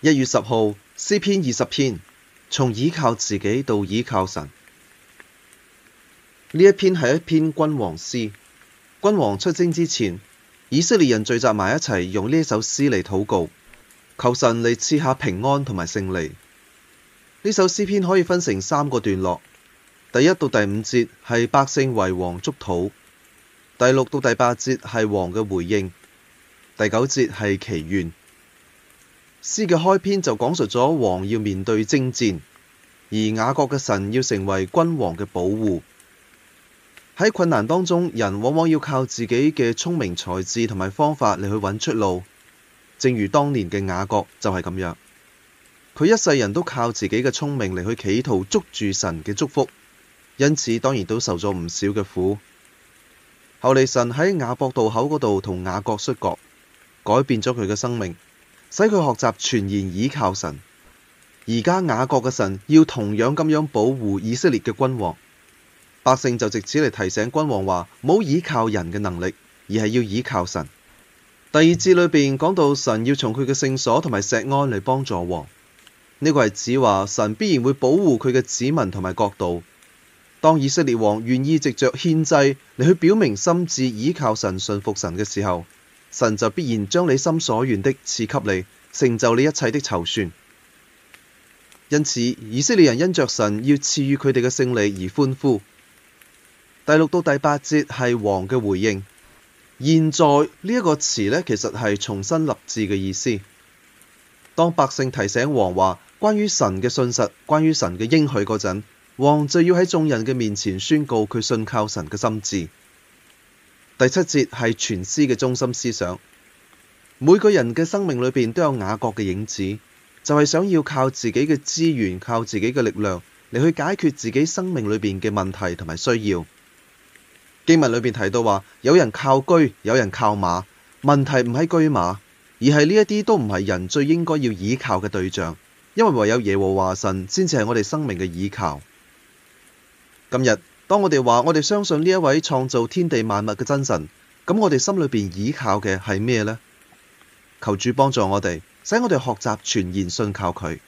一月十號，詩篇二十篇，從倚靠自己到倚靠神。呢一篇係一篇君王詩，君王出征之前，以色列人聚集埋一齊，用呢首詩嚟禱告，求神嚟賜下平安同埋勝利。呢首詩篇可以分成三個段落，第一到第五節係百姓為王祝禱，第六到第八節係王嘅回應，第九節係祈願。詩嘅開篇就講述咗王要面對征戰，而雅各嘅神要成為君王嘅保護。喺困難當中，人往往要靠自己嘅聰明才智同埋方法嚟去揾出路。正如當年嘅雅各就係咁樣，佢一世人都靠自己嘅聰明嚟去企圖捉住神嘅祝福，因此當然都受咗唔少嘅苦。後嚟神喺雅博渡口嗰度同雅各摔角，改變咗佢嘅生命。使佢學習全然倚靠神。而家雅各嘅神要同樣咁樣保護以色列嘅君王，百姓就借此嚟提醒君王話：唔好倚靠人嘅能力，而係要倚靠神。第二節裏邊講到神要從佢嘅聖所同埋錫安嚟幫助王。呢個係指話神必然會保護佢嘅子民同埋國度。當以色列王願意藉着獻祭嚟去表明心志倚靠神、順服神嘅時候。神就必然將你心所願的賜給你，成就你一切的籌算。因此，以色列人因着神要賜予佢哋嘅勝利而歡呼。第六到第八節係王嘅回應。現在呢一個詞咧，其實係重新立志嘅意思。當百姓提醒王話關於神嘅信實、關於神嘅應許嗰陣，王就要喺眾人嘅面前宣告佢信靠神嘅心志。第七節係全詩嘅中心思想，每個人嘅生命裏邊都有雅各嘅影子，就係、是、想要靠自己嘅資源、靠自己嘅力量嚟去解決自己生命裏邊嘅問題同埋需要。經文裏邊提到話，有人靠車，有人靠馬，問題唔係車馬，而係呢一啲都唔係人最應該要倚靠嘅對象，因為唯有耶和華神先至係我哋生命嘅倚靠。今日，當我哋話我哋相信呢一位創造天地萬物嘅真神，咁我哋心裏邊依靠嘅係咩呢？求主幫助我哋，使我哋學習全然信靠佢。